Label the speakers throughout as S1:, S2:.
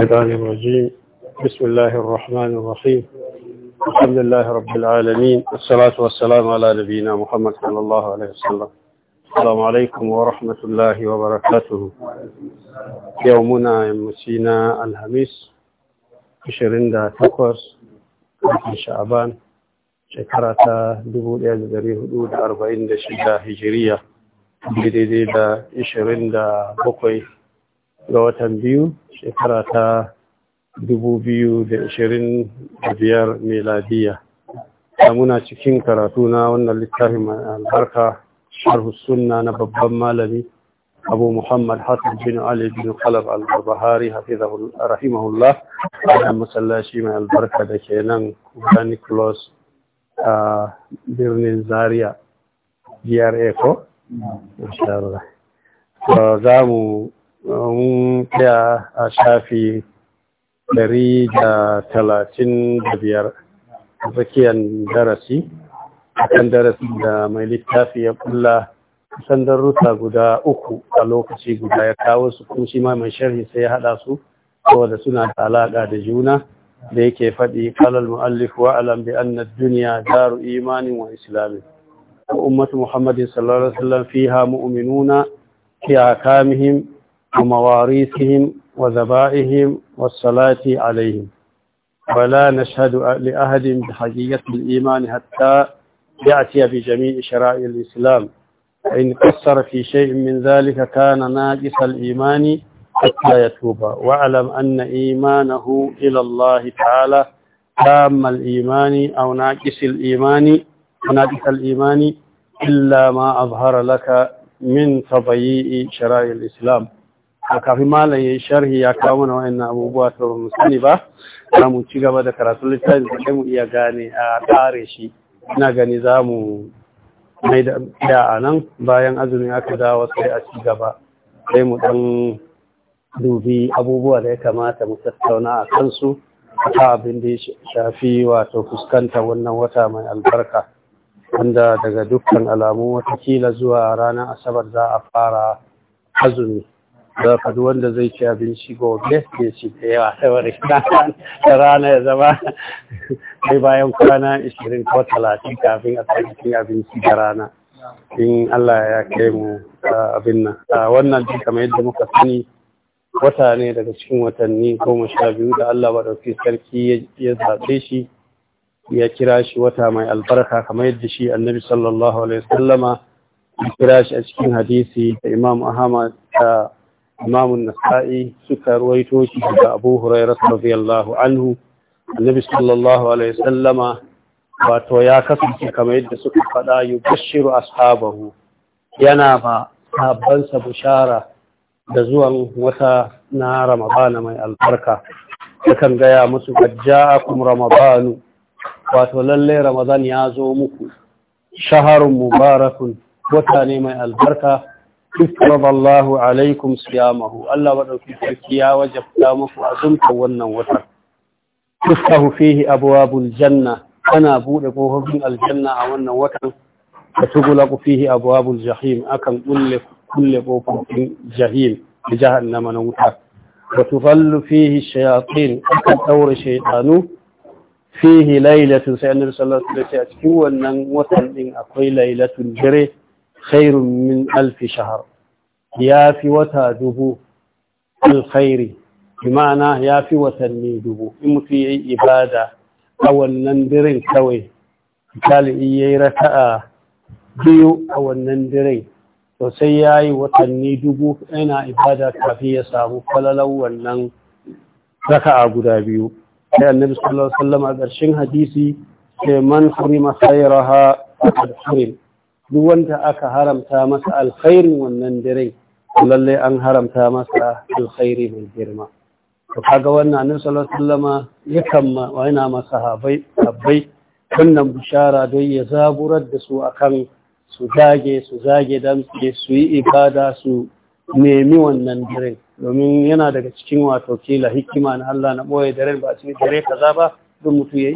S1: الشيطان الرجيم بسم الله الرحمن الرحيم الحمد لله رب العالمين والصلاة والسلام على نبينا محمد صلى الله عليه وسلم السلام عليكم ورحمة الله وبركاته يومنا يمسينا الخميس 28 شعبان دبول shekara هجرية
S2: بديدي دا
S1: عشرين دا بقوي ga watan biyu shekara ta 2025 meladiya muna cikin karatu na wannan littafin mai albarka sharhu sunna na babban malami abu muhammad hassan bin ali bin khalaf al-barbahari rahimahullah a masallaci mai albarka da ke nan granny a birnin zaria gra ko? za mu ɗaya a shafi ɗari da talatin da biyar a tsakiyar darasi akan darasi da mai littafi ya kulla kusan darussa guda uku a lokaci guda ya kawo su kuma shi ma mai sharhi sai ya haɗa su saboda suna da alaƙa da juna da yake faɗi kalal mu'allif wa alam bi anna duniya daru imanin wa islamin ummatu muhammadin sallallahu alaihi wasallam fiha mu'minuna fi akamihim ومواريثهم وذبائهم والصلاة عليهم ولا نشهد لأحد بحقيقة الإيمان حتى يأتي بجميع شرائع الإسلام فإن قصر في شيء من ذلك كان ناقص الإيمان حتى يتوب واعلم أن إيمانه إلى الله تعالى تام الإيمان أو ناقص الإيمان ناقص الإيمان إلا ما أظهر لك من تضييء شرائع الإسلام a kafin malam ya sharhi ya kawo mana wa'annan abubuwa ta mu sani ba za mu ci gaba da karatun littafin da sai mu iya gane a kare shi ina gani za mu mai da a nan bayan azumi aka dawo sai a ci gaba sai mu dan dubi abubuwa da ya kamata mu tattauna a kansu ta abin da ya shafi wato fuskanta wannan wata mai albarka wanda daga dukkan alamu watakila zuwa ranar asabar za a fara azumi za ka wanda zai ci abinci gobe ya ci da yawa saboda da rana ya zama sai bayan kwana 20 ko 30 kafin a cikin abinci da rana in Allah ya kai mu abin nan wannan duk kamar yadda muka sani wata ne daga cikin watanni goma sha biyu da Allah ɗauki sarki ya zaɓe shi ya kira shi wata mai albarka kamar yadda shi annabi sallallahu alaihi wasallama ya kira shi a cikin hadisi da imam ahmad إمام nasa'i suka ruwaito shi ga Abu الله عنه النبي صلى sallallahu alaihi وسلم wato ya kasance kamar yadda suka faɗa yi bashiru ashabahu yana ba sabansa bushara da zuwan wata na ramadana mai albarka yakan gaya musu gajja'akum ramadanu wato lallai ramadan ya zo muku shaharun mubarakun wata ne mai albarka kifarar Allahu alaikum siyamahu, Allah ba ɗauki tsarkiya wajen fita muku a wannan watan. Kifahu fihi abuwa buljanna, ana buɗe ƙofofin aljanna a wannan watan, da tugula ku fihi abuwa buljahim, akan kulle ƙofofin jahim da jihar na mana wuta. Wa tufallu fihi shayatin, akan ɗaure shaidanu, fihi lailatun sai annabi sallallahu alaihi wasallam a cikin wannan watan din akwai lailatun dare. khairun min alfi shahar ya fi wata dubu alkhairi imana ya fi watanni dubu in mutum ya yi ibada a wannan dirin kawai misali in ya yi raka'a biyu a wannan dirin to sai ya yi watanni dubu yana ibada kafi ya samu falalar wannan raka'a guda biyu sai annabi sallallahu alaihi wasallam a ƙarshen hadisi sai man hurima sayraha faqad hurim duk wanda aka haramta masa alkhairin wannan dare lallai an haramta masa alkhairi mai girma to kaga wannan annabi sallallahu alaihi wasallama yakan ma yana masahabai wannan bishara don ya zaburar da su akan su zage su zage dan su yi ibada su nemi wannan dare. domin yana daga cikin wato kila hikima na Allah na ɓoye daren ba cikin dare kaza ba don mutu ya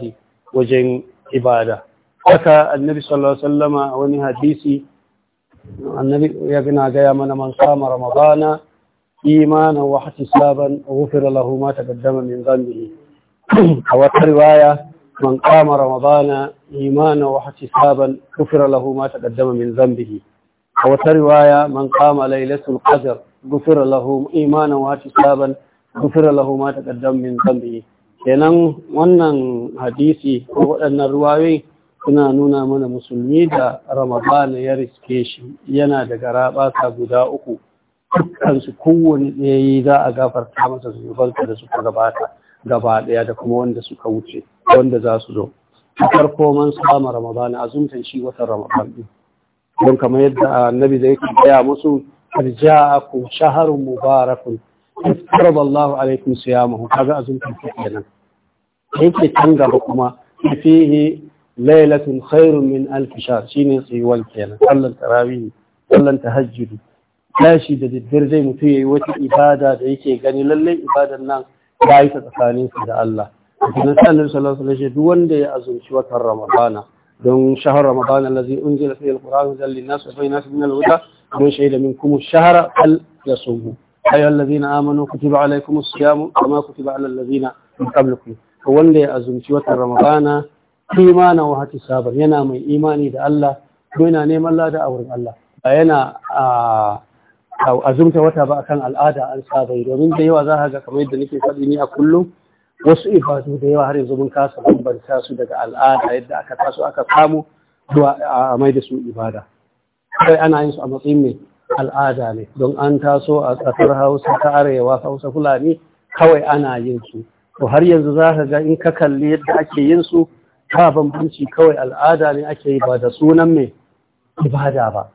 S1: yi wajen ibada haka annabi sallallahu alaihi wasallama a wani hadisi annabi ya gina gaya mana man sama ramadana imanan wa ihtisaban ghufira lahu ma taqaddama min dhanbihi a wata riwaya man qama ramadana imanan wa ihtisaban ghufira lahu ma taqaddama min dhanbihi a wata riwaya man qama lailatul qadr ghufira lahu imanan wa ihtisaban ghufira lahu ma taqaddama min dhanbihi kenan wannan hadisi ko waɗannan ruwayoyi Kuna nuna mana musulmi da ramadana ya riske shi yana da garaɓata guda uku dukkansu kowane ɗaya yi za a gafarta masa zunubansa da suka gabata gaba ɗaya da kuma wanda suka wuce wanda za su zo a farko man ramadan a azumtan shi wata ramadan ɗin don kamar yadda annabi zai ka gaya musu arja'akum shaharun mubarakun iftarada Allahu alaikum siyamahu kaga azumtan kenan yake can gaba kuma fihi lailatul khairun min alf shahr shine tsayuwar kenan sallan tarawih sallan tahajjud tashi da daddare zai mutu yayi wata ibada da yake gani lalle ibadan nan ya yi ta tsakanin da Allah kuma sallallahu alaihi wasallam duk wanda ya azumci watan ramadana don shahar ramadana allazi unzila fihi alquran hudan linnas wa bayyinatin min alhuda man shahida minkum ash-shahra fal yasumhu ayyuhal ladina amanu kutiba alaykumus siyam kama kutiba alal ladina min qablikum wanda ya azumci watan ramadana imana wa hati sabar yana mai imani da Allah ko yana neman lada a wurin Allah ba yana azumta wata ba akan al'ada an sabai domin da yawa za ka ga kamar yadda nake faɗi ni a kullum wasu ibadu da yawa har yanzu mun kasa bambanta su daga al'ada yadda aka taso aka samu zuwa a mai da su ibada kai ana yin su a matsayin mai al'ada ne don an taso a tsakar hausa ta arewa hausa fulani kawai ana yin su to har yanzu za ka ga in ka kalli yadda ake yin su ba bambanci kawai al'ada ne ake yi ba da sunan mai ibada ba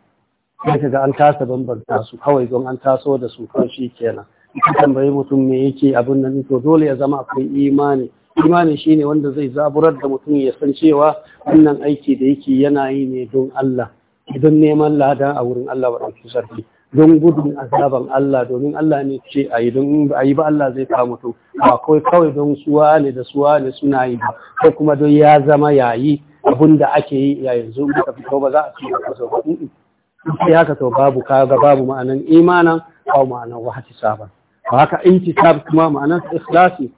S1: sai ga an tasa bambanta su kawai don an taso da su kan shi kenan ita tambayi mutum me yake abin nan to dole ya zama akwai imani imani shine wanda zai zaburar da mutum ya san cewa wannan aiki da yake yana yi ne don Allah idan neman lada a wurin Allah waɗansu sarki don gudun azaban Allah domin Allah ne ce a yi don a yi ba Allah zai kawo mutum ba kawai kawai don suwa ne da suwa ne suna yi ba ko kuma don ya zama yayi abin da ake yi ya yanzu ka fito ba za a ci ba so In sai haka babu kaga babu ma'anan imanan ko ma'anan wahtisaba ba haka in kuma ma'anan ikhlasi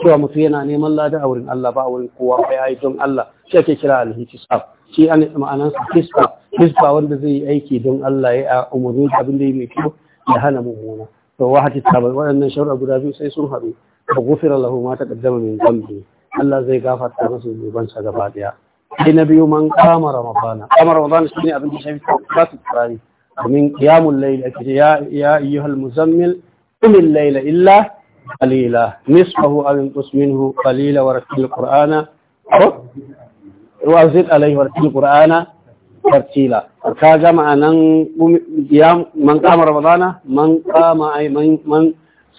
S1: cewa mutum yana neman lada a wurin Allah ba a wurin kowa ba yi don Allah shi ake kira al-hisab shi an ma'anar sa hisba hisba wanda zai yi aiki don Allah ya a umarni abin da ya mai kyau da hana mummuna to wa hati tabar waɗannan sharuɗa guda biyu sai sun haɗu fa gufira lahu ma taqaddama min dhanbi Allah zai gafarta masa zunuban sa gaba daya sai na biyu man kama ramadana kama ramadana shine abin da shafi su tsari domin qiyamul layl ake ya ayyuhal muzammil qumil laila illa قليلا نصفه أو ينقص منه قليلا ورتل القرآن وأزد عليه ورتل القرآن tartila ka ga ma'anan ya man kama ramadana man kama ai man man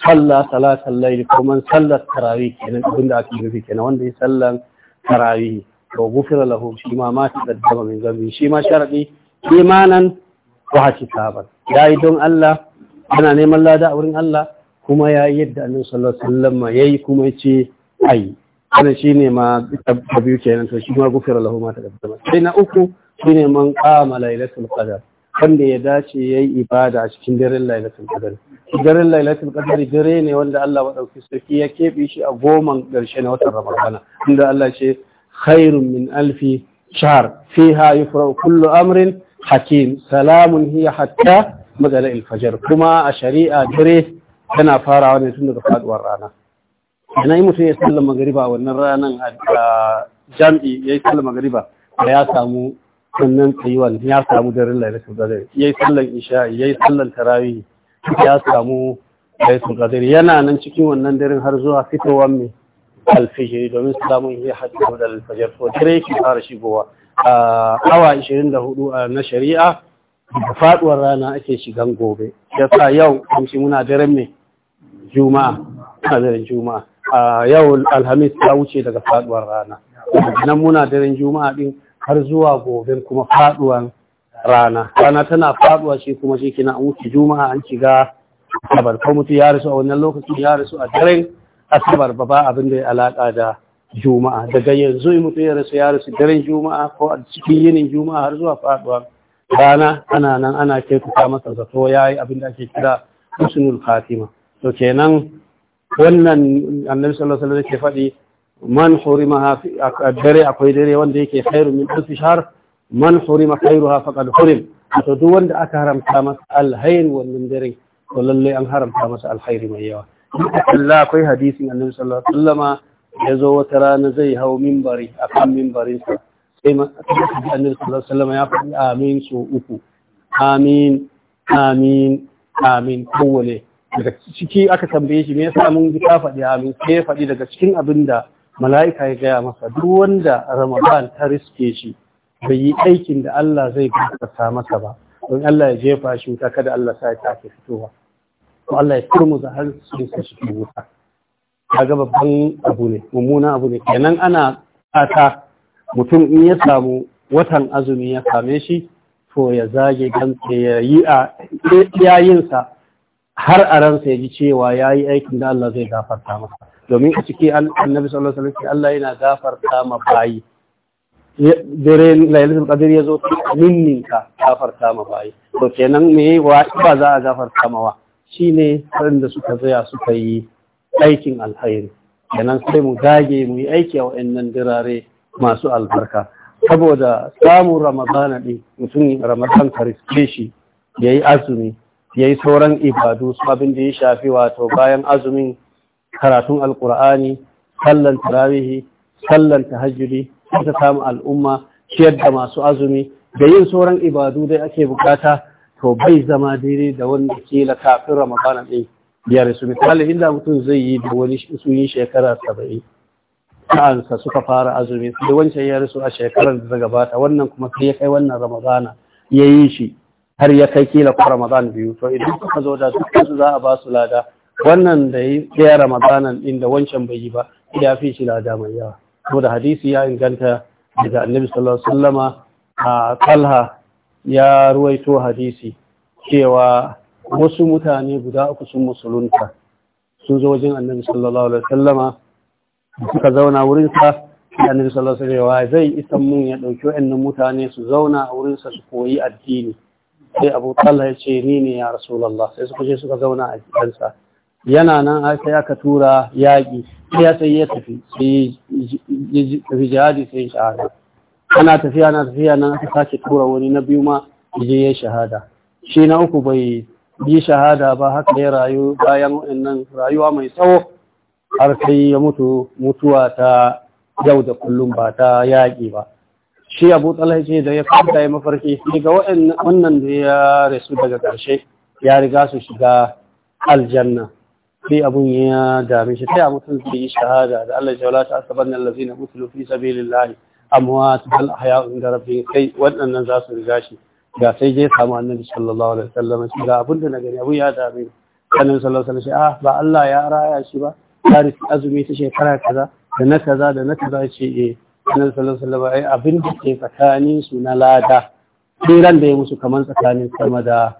S1: salla salatal layl ko man salla tarawih kenan abinda ake nufi kenan wanda ya sallan tarawih to gufira lahu shi ma ma ta daddama min zambi shi ma sharadi imanan wa hisaban yayi don Allah ana neman lada a wurin Allah kuma ya yi yadda annabi sallallahu alaihi ya yi kuma ya ce ai wannan shine ma ta biyu kenan to shi ma gufira lahu ma taqaddama sai na uku ne man kama lailatul qadar wanda ya dace yayi ibada a cikin daren lailatul qadar daren lailatul qadar dare ne wanda Allah madauki sarki ya kebe shi a goman ƙarshe na watan ramadana inda Allah ce khairun min alfi shahr fiha yufrau kullu amrin hakim salamun hiya hatta magala al kuma a shari'a dare tana farawa ne tun daga faduwar rana ina yi mutum ya sallar magariba a wannan ranar a jam'i ya yi sallar magariba da ya samu sannan tsayuwan ya samu daren lailatul dare. ya yi sallar isha'i ya yi sallar tarawih ya samu lailatul dare. yana nan cikin wannan daren har zuwa fitowar mai alfihiri domin samun ya hajji da alfajir to dare yake fara shigowa a awa 24 na shari'a da faduwar rana ake shigan gobe yasa yau kamshi muna daren mai juma'a a daren juma'a a yau alhamis ta wuce daga faduwar rana nan muna daren juma'a din har zuwa gobe kuma faduwar rana rana tana faduwa shi kuma shi kina an wuce juma'a an shiga asabar ko mutu ya rasu a wannan lokacin ya rasu a daren asabar ba ba abin da ya alaka da juma'a daga yanzu mutu ya rasu ya rasu daren juma'a ko a cikin yinin juma'a har zuwa faduwar rana ana nan ana kyautata masa zato ya yi abin da ake kira husnul Fatima. to kenan wannan annabi sallallahu alaihi wasallam yake faɗi man hurima dare akwai dare wanda yake khairu min alf shahr man hurima khairuha faqad hurim to duk wanda aka haramta masa alhair wannan dare to lalle an haramta masa alhairi mai yawa Allah akwai hadisin annabi sallallahu alaihi wasallama ya zo wata rana zai hau mimbari a kan mimbarinsa sai annabi sallallahu alaihi ya faɗi amin so uku amin amin amin kowane daga ciki aka tambaye shi me yasa mun ji ka faɗi amin sai ya faɗi daga cikin abin da mala'ika ya gaya masa duk wanda ramadan ta riske shi bai yi aikin da Allah zai gafarta masa ba don Allah ya jefa shi wuta kada Allah sa ya tafi fitowa to Allah ya za har su su shi wuta ga babban abu ne mummunan abu ne kenan ana fata mutum in ya samu watan azumi ya same shi to ya zage gantse ya yi a yayinsa har a ransa ya ji cewa ya yi aikin da Allah zai gafarta masa domin a ciki annabi sallallahu alaihi wasallam Allah yana gafarta ma bayi dare lailatul qadr ya zo minninka gafarta ma bayi to kenan me wa ba za a gafarta ma Shi ne wanda suka zaya suka yi aikin alkhairi kenan sai mu gage mu yi aiki a wayannan dirare masu albarka saboda samun ramadana din mutum ramadan ka riske shi ya yi azumi ya yi sauran ibadu su abin da ya shafi wato bayan azumin karatun alkur'ani sallan tarawihi sallan tahajjudi sai ta samu al'umma ciyar da masu azumi da yin sauran ibadu dai ake bukata to bai zama daidai da wanda la kafin ramadana ɗin biyar su misali inda mutum zai yi da wani sun shekara saba'in sa'ansa suka fara azumi sai wancan ya rasu a shekarar da ta gabata wannan kuma sai ya kai wannan ramadana ya yi shi har ya kai kila ko ramadan biyu to idan suka zo da duk su za a ba su lada wannan da yi ya ramadanan din da wancan bai yi ba ya fi shi lada mai yawa da hadisi ya inganta daga annabi sallallahu alaihi wasallama a talha ya ruwaito hadisi cewa wasu mutane guda uku sun musulunta sun zo wajen annabi sallallahu alaihi wasallama suka zauna wurinsa annabi sallallahu alaihi wasallama zai isan mun ya ɗauki wa'annan mutane su zauna a wurinsa su koyi addini sai abu talha ya ce ni ne ya rasulallah sai suka je suka zauna a gidansa yana nan sai aka tura yaƙi sai ya sai ya tafi sai ya jihadi shahada ana tafiya na tafiya nan aka sake tura wani na biyu ma je ya shahada shi na uku bai yi shahada ba haka ya rayu bayan wannan rayuwa mai tsawo har sai ya mutu mutuwa ta yau da kullum ba ta yaƙi ba shi abu talha ce da ya kwanta ya mafarki Daga wannan da ya rasu daga ƙarshe ya riga su shiga aljanna sai abun ya dame shi ta yabo tun zai yi shahada da Allah jawala ta asaban lafi na mutulu fi sabilillahi amwat bal haya inda rabbihim kai waɗannan za su riga shi ga sai je samu annabi sallallahu alaihi wasallam shi ga abun da na gani abu ya dame annabi sallallahu alaihi wasallam ah ba Allah ya raya shi ba tarihi azumi ta shekara kaza da na kaza da na kaza ce eh, annabi sallallahu alaihi ai abin da ke tsakanin su na lada ran da ya musu kaman tsakanin sama da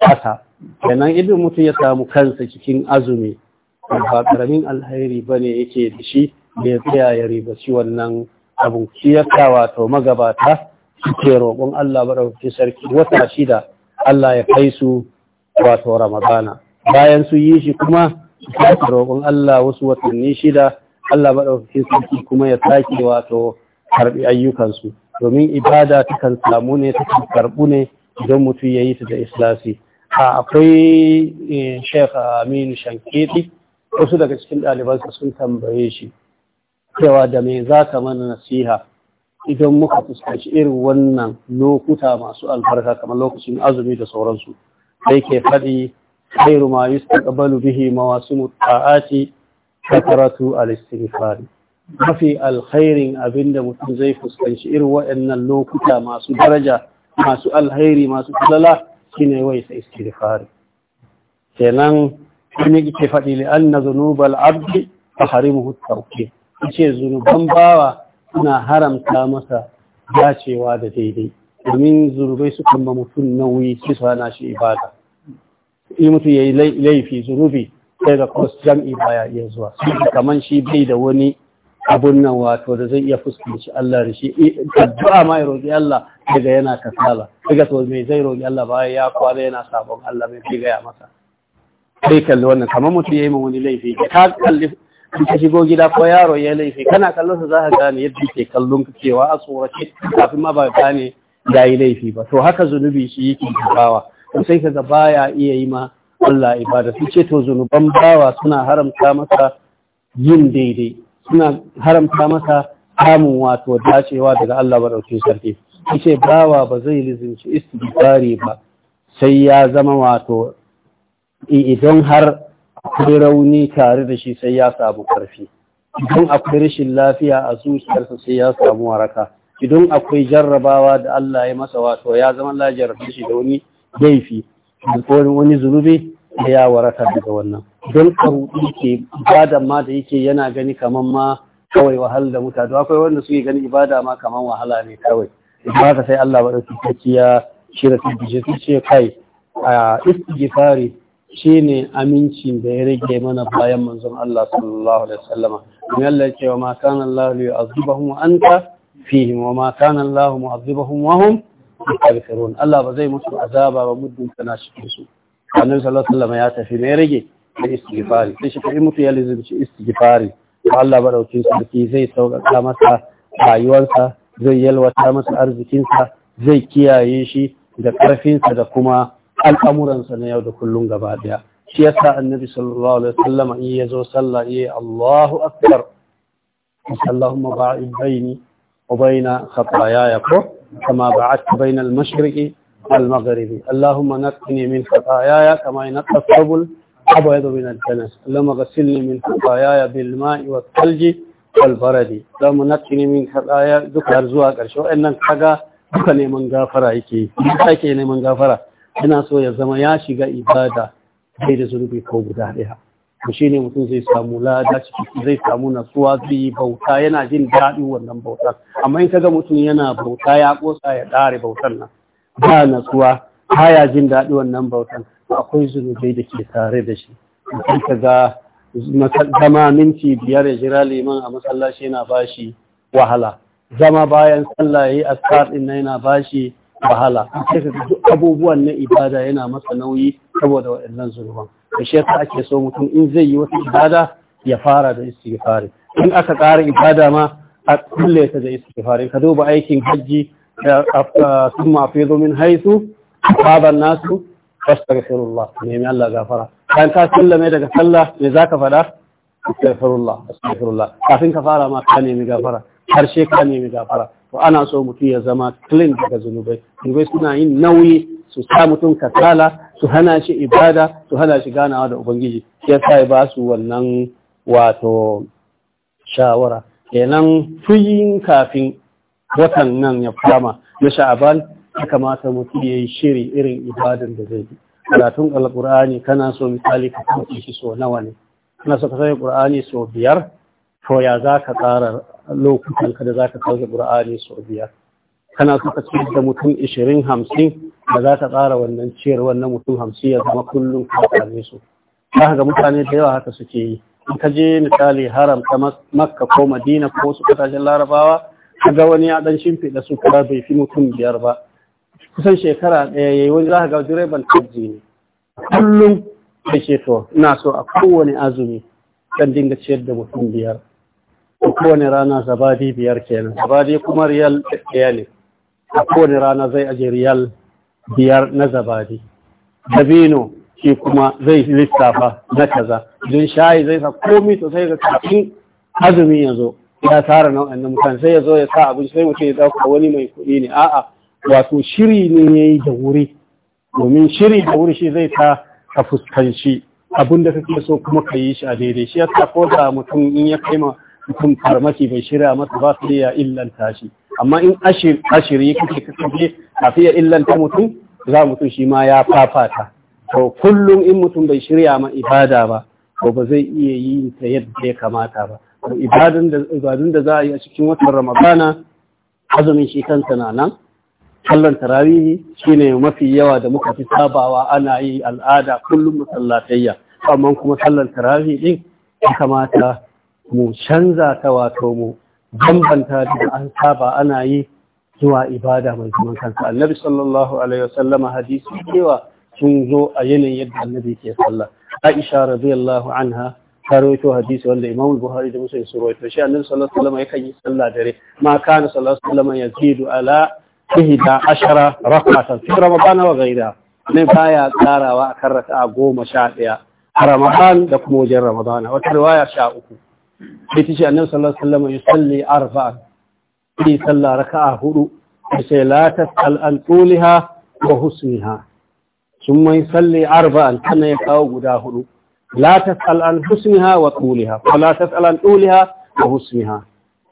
S1: ƙasa kenan idan mutum ya samu kansa cikin azumi ba karamin alheri bane yake da shi da ya tsaya ya shi wannan abun shi ya wato magabata suke roƙon Allah maɗaukaki sarki wata shida Allah ya kai su wato Ramadana bayan su yi shi kuma su roƙon Allah wasu watanni shida Allah maɗaukakin sarki kuma ya sake wato karɓi ayyukansu domin ibada ta kan samu ne ta kan karɓu ne idan mutum ya yi ta da islasi a akwai eh, sheikh aminu Shankeɗi wasu daga cikin ɗalibansa sun tambaye shi cewa da me za ka mana nasiha idan muka fuskanci irin wannan lokuta masu albarka kamar lokacin azumi da sauransu sai ke faɗi khairu ma yustaqbalu bihi mawasimu ta'ati kataratu al-istighfari mafi alkhairin abinda mutum zai fuskanci irin waɗannan lokuta masu daraja masu alkhairi masu kulala shine wai sai istighfari kenan kuma yake faɗi li anna zunubal abdi tahrimuhu at-tawqi yace zunuban bawa suna haramta masa dacewa da daidai domin zunubai su ba mutum nauyi kisa na shi ibada in mutum yayi laifi zunubi sai da kwas jam'i baya iya zuwa kamar shi bai da wani abun nan wato da zai iya fuskanci Allah da shi addu'a ma ya roƙi Allah daga yana kasala daga to mai zai roƙi Allah ba ya kwana yana sabon Allah mai fi gaya masa sai kalli wannan kamar mutum ya yi min wani laifi ka kalli in ka shigo gida ko yaro ya laifi kana kallon sa ka gane yadda ke kallon ka cewa a tsorace kafin ma ba gane ya yi laifi ba to haka zunubi shi yake gabawa sai kaga baya iya yi ma Allah ibada su ce to zunuban bawa suna haramta masa yin daidai suna haramta masa samun wato dacewa daga Allah ɗauki sarki su ce bawa ba zai lizinci istighfari ba sai ya zama wato idan har akwai rauni tare da shi sai ya samu ƙarfi idan akwai rashin lafiya a zuciyarsa sai ya samu waraka idan akwai jarrabawa da Allah ya masa wato ya zama lajiyar jarrabe shi da wani laifi wani zunubi da ya warata daga wannan don karuɗi ke ibada ma da yake yana gani kamar ma kawai wahal da mutane akwai wanda suke gani ibada ma kamar wahala ne kawai ba ka sai Allah ba ɗauki sarki ya shirya bije ta ce kai a istighfari ne amincin da ya rage mana bayan manzon Allah sallallahu alaihi wasallama kuma Allah ya ce wa ma kana Allah yu'azibuhum wa anta fihim wa ma kana Allah mu'azibuhum wa hum yastaghfirun Allah ba zai musu azaba ba muddin kana cikin su annabi sallallahu alaihi ya tafi mai rage da istighfari sai shi kai mutu ya lizinci istighfari Allah madaukin sarki zai sauƙaƙa masa rayuwarsa zai yalwata masa arzikinsa zai kiyaye shi da ƙarfinsa da kuma al'amuransa na yau da kullum gaba ɗaya shi yasa annabi sallallahu alaihi wasallam in ya zo sallah ya Allahu akbar ma ba'id baini wa baina khataaya ko كما بعثت بين المشرق والمغرب اللهم نقني من خطاياي كما ينقى الثوب الابيض من الدنس اللهم غسلني من خطاياي بالماء والثلج والبرد اللهم نقني من خطاياي duka har zuwa ƙarshe wa'annan kaga من neman gafara yake yake neman gafara ina so ya zama ya shiga ibada sai da zurbi ko guda ɗaya to ne mutum zai samu lada zai samu natsuwa zai bauta yana jin daɗin wannan bautar amma in kaga mutum yana bauta ya kosa ya ɗare bautar nan ba natsuwa ya jin daɗi wannan bautar akwai zunubai da ke tare da shi mutum kaga zama minti biyar ya jira liman a masallaci yana shi wahala zama bayan sallah yi askar din yana ba shi wahala duk abubuwan na ibada yana masa nauyi saboda waɗannan zunuban da shi yasa ake so mutum in zai yi wata ibada ya fara da istighfar in aka ƙara ibada ma a kulle ta da istighfar ka duba aikin hajji da sun mafi min haisu baban nasu ne mai Allah gafara kan ka sallame daga sallah me zaka faɗa astaghfirullah astaghfirullah kafin ka fara ma ka nemi gafara harshe ka nemi gafara to ana so mutum ya zama clean daga zunubai zunubai suna yin nauyi su sa mutum kasala su hana shi ibada su hana shi ganawa da ubangiji ya sa ba su wannan wato shawara kenan tuyin kafin watan nan ya fama na sha'aban ya kamata mutum ya yi shiri irin ibadan da zai yi karatun alkur'ani kana so misali ka kauce shi so nawa ne kana so ka sauya qur'ani so biyar to ya za ka tsara lokutan kada da za ka sauya qur'ani so biyar kana so ka ciyar da mutum ishirin hamsin da za ta tsara wannan ciyar wannan mutum hamsin ya zama kullum ka same su za ga mutane da yawa haka suke yi in ka je misali haram ta makka ko madina ko su kasashen larabawa ga wani ya dan shimfiɗa su kura bai fi mutum biyar ba kusan shekara ɗaya yi wani za ga direban tajji ne kullum da ce to ina so a kowane azumi kan dinga ciyar da mutum biyar a kowane rana zabadi biyar kenan zabadi kuma riyal ɗaya ne a kowane rana zai aje riyal biyar na zabadi dabino shi kuma zai lissafa na kaza don shayi zai sa komi sosai ga kafin azumi ya zo ya tara nau'an na mutane sai ya zo ya sa abinci sai mutum ya dauka wani mai kuɗi ne a'a wato shiri ne ya yi da wuri domin shiri da wuri shi zai ta ka fuskanci abin da kake so kuma ka yi shi a daidai shi yasa ko da mutum in ya kai ma mutum farmaki bai shirya masa ba su iya illanta shi amma in ashiri kake kasance kafin ya illanta mutum za mutum shi ma ya fafata to kullum in mutum bai shirya ma ibada ba to ba zai iya yi ta yadda ya kamata ba to ibadun da za a yi a cikin watan ramadana azumin shi kansa na nan kallon tarawihi shine mafi yawa da muka fi sabawa ana yi al'ada kullum masallataiya. amma kuma sallan tarawihi din ya kamata mu canza ta wato mu Banbanta da an saba ana yi zuwa ibada mai zaman kansa annabi sallallahu alaihi wasallama hadisi cewa sun zo a yanayin yadda annabi ke sallah aisha radiyallahu anha ta rawaito hadisi wanda imamu buhari da muslim su rawaito shi annabi sallallahu alaihi wasallama yakan yi sallah dare ma kana sallallahu alaihi wasallama yazidu ala ihda ashara rak'atan fi ramadan wa ghayriha ne baya karawa akan raka'a goma sha ɗaya a ramadan da kuma wajen ramadana wata riwaya sha uku sai tace annabi sallallahu alaihi wasallam yusalli arba'a sai sallah raka'a hudu sai la tasal an tuliha wa husniha summa salli arba'an kana ya kawo guda hudu la tasal an husniha wa tuliha wa la tasal an tuliha wa husniha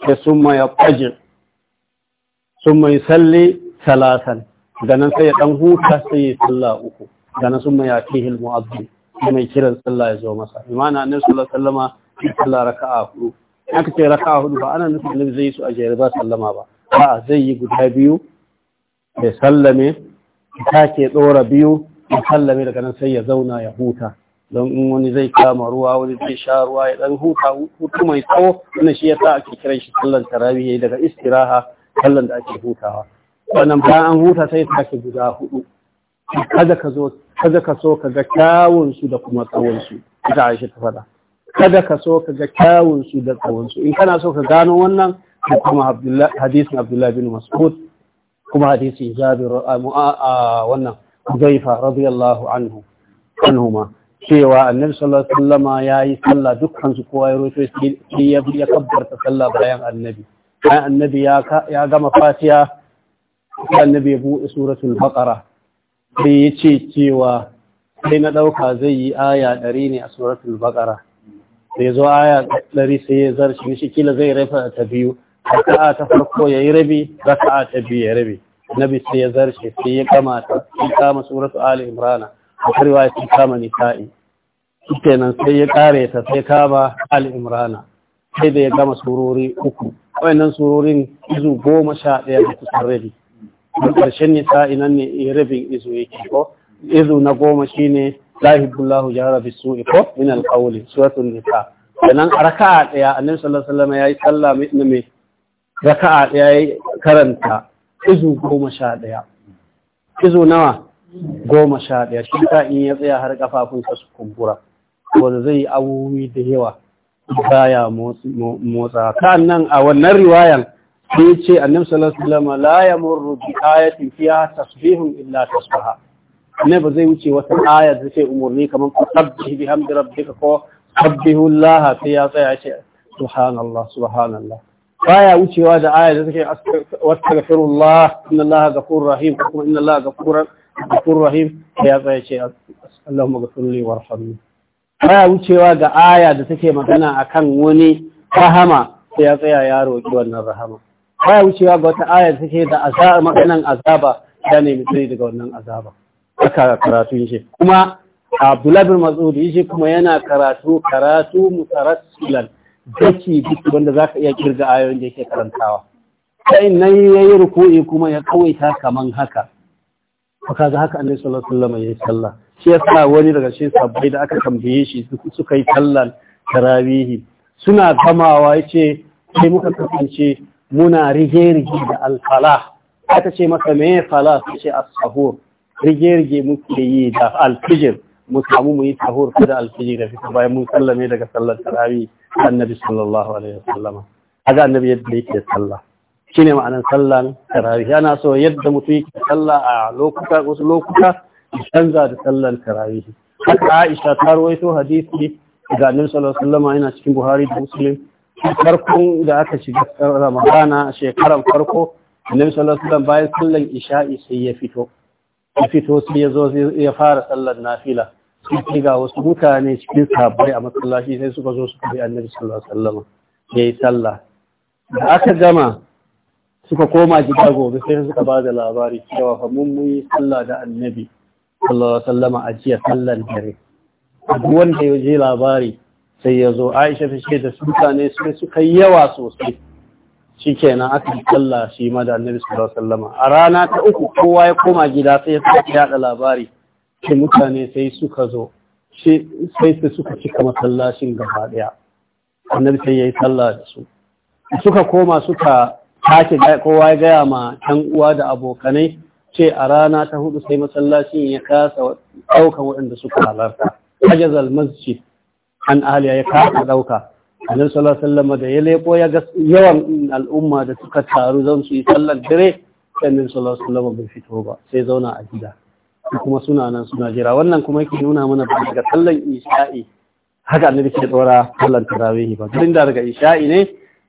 S1: sai summa sun summa salli salasan ganan sai ya dan huta sai ya sallah uku ganan summa yatihil mu'adhdhin mai kiran sallah ya zo masa imana annabi sallallahu alaihi wasallama ya sallah raka'a hudu aka ce raka'a hudu ba ana nufin annabi zai yi su a jere ba sallama ba a'a zai yi guda biyu ya sallame ta ke dora biyu ya sallame daga nan sai ya zauna ya huta don in wani zai kama ruwa wani zai sha ruwa ya dan huta hutu mai tsawo wannan shi yasa ake kiran shi sallan tarawih daga istiraha sallan da ake hutawa wannan bayan an huta sai ta ke guda hudu kada ka zo kada ka so ka ga kyawun su da kuma tsawon su ita Aisha ta faɗa kada ka so ka ga kyawunsu da su. in kana so ka gano wannan da kuma hadisin abdullahi bin mas'ud kuma hadisin jabir a wannan zaifa radiyallahu anhu ma. cewa annabi sallallahu alaihi ya yayi sallah dukkan su kowa ya roto shi ya ya kabbarta sallah bayan annabi bayan annabi ya gama gama fatiha annabi ya buɗe suratul baqara sai ya ce cewa sai na ɗauka zai yi aya ɗari ne a suratul baqara zai ya zo aya ɗari sai ya zarci shi kila zai rafa ta biyu raka'a ta farko ya yi rabi raka'a ta biyu ya rabi nabi sai ya zarce sai ya kama ta sai kama suratu ali imrana a karewa sai kama nisa'i kenan sai ya kare ta sai kama ali imrana sai da ya gama surori uku wayannan surorin izu goma sha ɗaya da kusan rabi don ƙarshen nisa'i nan ne rabin izu yake ko izu na goma shine la jara fi su iko min al suratun suratul nisa sannan a raka'a daya annabi sallallahu alaihi wasallam yayi sallah mai mai raka'a daya yi karanta izu goma sha daya izu nawa goma sha daya shi ta in ya tsaya har kafafunsa su kumbura wanda zai yi abubuwi da yawa baya motsa kan nan a wannan riwayan sai ce annabi sallallahu alaihi wasallam la yamurru bi ayatin fiha tasbihun illa tasbaha ne ba zai wuce wata aya da sai umarni kamar ku sabbihi bi hamdi rabbika ko sabbihu Allah sai ya tsaya ce subhanallah subhanallah baya wucewa da aya da take wastaghfirullah inna Allah ghafurur rahim kuma inna Allah ghafurur ghafurur rahim sai ya tsaya ce Allahumma ghfirli warhamni baya wucewa ga aya da take magana akan wani rahama sai ya tsaya ya roki wannan rahama baya wucewa ga wata aya da take da azaba maganan azaba ya nemi tsari daga wannan azaba aka karatu shi kuma Abdullahi bin Mas'ud kuma yana karatu karatu mutarassilan daki duk wanda za ka iya kirga ayoyin da yake karantawa sai nan yayi ruku'i kuma ya kawaita kaman haka ka ga haka annabi sallallahu alaihi wasallam yayi sallah shi yasa wani daga cikin sabbai da aka tambaye shi su kai sallan tarawihi suna gamawa yace sai muka kasance muna rige rige da al-falah. aka ce maka me fala sai as-sahur rige-rige muke yi da alfijir mu samu mu yi tahur kada alfijir da fita bayan mun sallame daga sallar tarawih annabi sallallahu alaihi wasallam haka annabi yadda yake sallah shine ma'anar sallan tarawih ana so yadda mutum yake sallah a lokuta wasu lokuta canza da sallan tarawih haka Aisha ta rawaito hadisi ga annabi sallallahu alaihi wasallam yana cikin Buhari da Muslim farkon da aka shiga Ramadana shekaran farko annabi sallallahu alaihi wasallam bayan sallan isha'i sai ya fito ya fito su ya zo ya fara sallar nafila sai ga wasu mutane cikin sabai a matsalashi sai suka zo su bi annabi sallallahu alaihi ya yi sallah da aka gama suka koma gida gobe sai suka ba da labari cewa fa mun yi sallah da annabi sallallahu alaihi a jiya tsallar dare duk wanda ya je labari sai ya zo Aisha ta ce da mutane sai suka yawa sosai shi kenan aka yi sallah shi ma da annabi sallallahu alaihi a rana ta uku kowa ya koma gida sai ya sake yada labari shi mutane sai suka zo sai sai suka cika masallacin gaba daya annabi sai yayi sallah da su suka koma suka take kowa ya gaya ma ɗan uwa da abokanai ce a rana ta hudu sai masallacin ya kasa ɗaukan waɗanda suka halarta hajjazal masjid an aliya ya kasa ɗauka annabi sallallahu alaihi wasallam da ya leko ya ga yawan al'umma da suka taru zan su yi sallar dare sai annabi sallallahu alaihi wasallam bai fito ba sai zauna a gida kuma suna nan suna jira wannan kuma yake nuna mana ba daga sallar isha'i haka annabi ke dora sallar tarawih ba duk da daga isha'i ne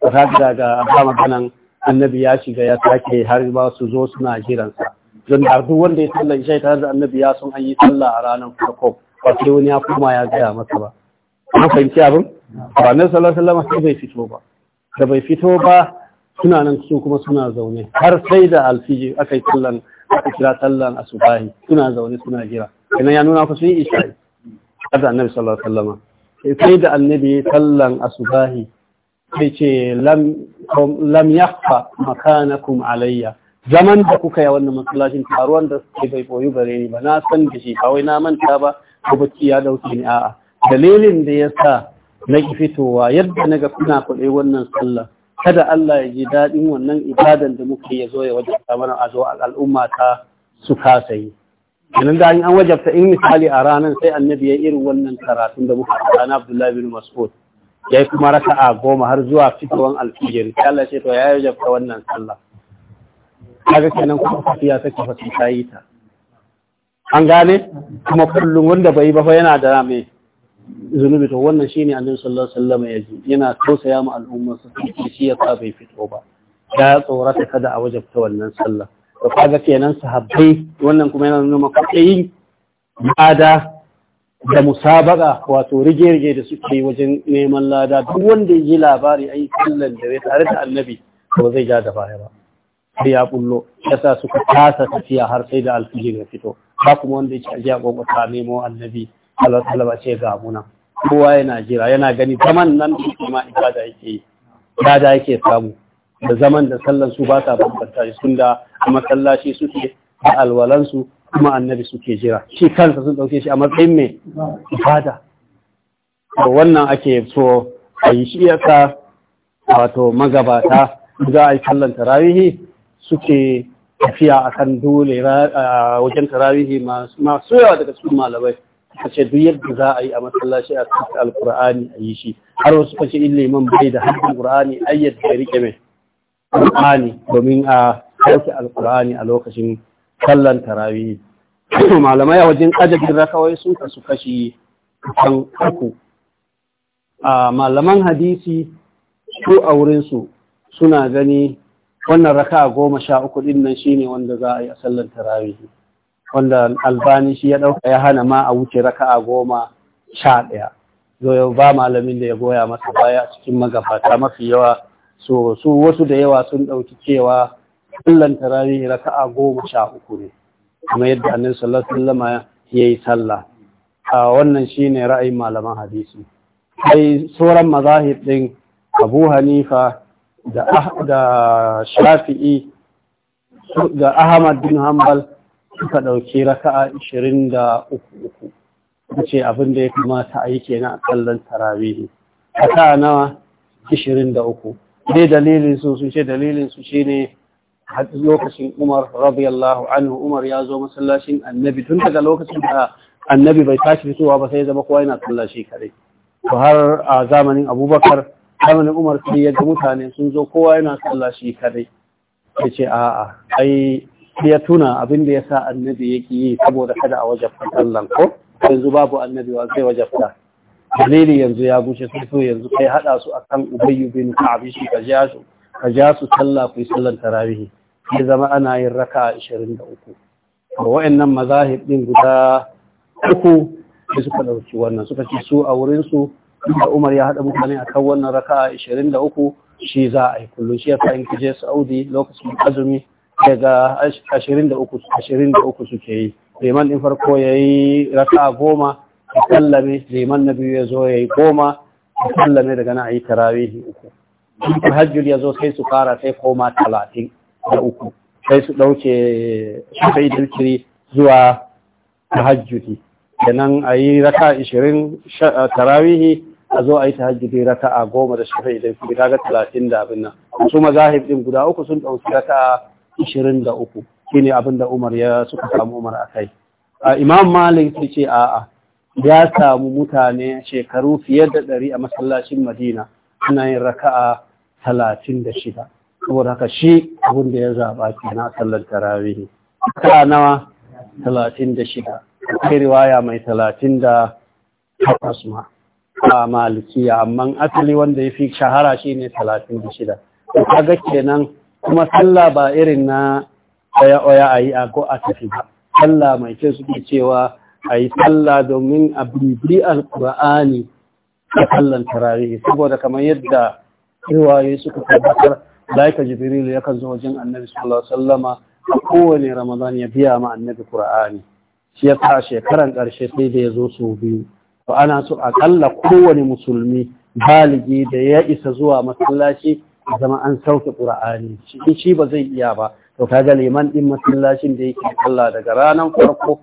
S1: ba daga ba maganan annabi ya shiga ya sake har ba su zo suna jiransa don da duk wanda ya talla isha'i tare da annabi ya sun an yi sallah a ranar farko ba sai wani ya koma ya gaya masa ba an fahimci abin ba na salasalama sai bai fito ba da bai fito ba suna nan su kuma suna zaune har sai da alfiji aka yi tallan kira tallan a subahi suna zaune suna jira kenan ya nuna ku sun yi kada annabi sallallahu alaihi wasallam sai da annabi tallan a subahi sai ce lam lam makanakum alayya zaman da kuka yi wannan masallacin taruwan da suke bai boyu gare ni ba na san da shi kawai na manta ba ko bacci ya dauke ni a'a dalilin da ya sa na fitowa yadda naga kuna kuɗe wannan sallah kada Allah ya ji daɗin wannan ibadan da muke ya zo ya wajabta mana a zo al'umma ta su kasa yi idan da an wajabta in misali a ranar sai annabi ya irin wannan karatun da muka na Abdullahi bin Mas'ud yayi kuma raka a goma har zuwa fitowan alfijir Allah ce to ya wajabta wannan sallah kaga kenan kuma kafiya take fa ta yi ta an gane kuma kullum wanda bai ba fa yana da me zunubi to wannan shine annabi sallallahu alaihi ya ji yana tausaya ma al'umma su shi ya sa bai fito ba ya tsorata kada a wajen wajabta wannan sallah to kaga kenan sahabbai wannan kuma yana nuna kai ma'ada da musabaka wato rige-rige da suke wajen neman lada duk wanda ya yi labari ai sallan da ya tare da annabi ba zai ja da baya ba sai ya bullo yasa suka kasa tafiya har sai da alfijir ya fito ba kuma wanda ya ci ajiya a nemo annabi Allah ce ga muna kowa yana jira yana gani zaman nan kuma ibada yake ibada yake samu da zaman da sallan su ba ta bambanta sun da a masallaci suke a alwalansu kuma annabi suke jira shi kansa sun dauke shi a matsayin mai ibada to wannan ake so a yi shi yasa wato magabata za a yi sallan tarawihi suke tafiya akan dole wajen tarawihi masu yawa daga cikin malamai suka ce duk yadda za a yi a masallaci a cikin alkur'ani a yi shi har wasu kashi in liman bai da haɗin qur'ani ayyad da rike mai qur'ani domin a sauke alkur'ani a lokacin sallan tarawih malamai a wajen ajabin rakawai sun kasu kashi kan uku a malaman hadisi su a wurinsu suna gani wannan raka goma sha uku ɗin nan shine wanda za a yi a sallan tarawih wanda albani shi ya ɗauka ya hana ma a wuce raka a goma sha ɗaya Zoya ba malamin da ya goya masa baya cikin magabata mafi yawa so su wasu da yawa sun ɗauki cewa tarari raka a goma sha uku ne kuma yadda annabi sallallahu alaihi wasallam ya yi sallah a wannan shine ra'ayin malaman hadisi sai sauran mazahib ɗin Abu Hanifa da Shafi'i da Ahmad bin Hanbal suka ɗauki raka'a ishirin da uku uku ce abin da ya kamata a yi kenan a kallon tarawihi raka'a nawa ishirin da uku ne dalilin su sun ce dalilin su shine lokacin Umar radiyallahu anhu Umar ya zo masallacin annabi tun daga lokacin da annabi bai tashi fitowa ba sai zama kowa yana sallashi kare to har a zamanin Abubakar zamanin Umar sai ya ga mutane sun zo kowa yana kadai. kare ce a'a ai ya tuna abin da ya sa annabi yake yi saboda kada a wajabta sallan ko yanzu babu annabi wa zai wajabta dalili yanzu ya bushe sai so yanzu kai hada su akan ubayyu bin ka'ab shi ka ja su ka ja su sallah ku sallar tarawih sai zama ana yin raka 23 to wa'annan mazahib din guda uku sai suka dauki wannan suka ci su a wurin su da Umar ya hada mutane akan wannan raka 23 shi za a yi kullum shi yasa in kije Saudi lokacin azumi daga 23 suke yi liman din farko ya yi raka goma a sallame liman na biyu ya zo ya yi goma a sallame daga na a yi tarawihi uku hajjul ya zo sai su fara sai koma talatin da uku sai su ɗauke shafai dalkiri zuwa tahajjudi kenan a yi raka ishirin tarawihi a zo a yi tahajjudi raka a goma da shafai dalkiri kaga talatin da abin nan su mazahib ɗin guda uku sun ɗauki raka 23 shine abin da Umar ya suka samu Umar akai Imam Malik ya ce a'a ya samu mutane shekaru fiye da ɗari a masallacin Madina ana yin raka'a talatin da shida saboda haka shi abin da ya zaɓa kenan sallar tarawih raka'a nawa talatin da shida akwai riwaya mai talatin da takwas ma a malikiya amma asali wanda ya fi shahara shine talatin da shida ga kenan kuma sallah ba irin na oya-oya a yi ko a tafi ba sallah mai kyau suke cewa a yi sallah domin a al alkur'ani da sallan tarari saboda kamar yadda riwayoyi suka tabbatar laika jibril ya kan zo wajen annabi sallallahu alaihi wasallama a kowane ramadan ya biya ma annabi qur'ani shi ya sa shekaran karshe sai da ya zo su biyu to ana so akalla kowane musulmi baligi da ya isa zuwa masallaci zama an sauke ƙura'ani in shi ba zai iya ba to kaga liman ɗin masallacin da yake kalla daga ranar farko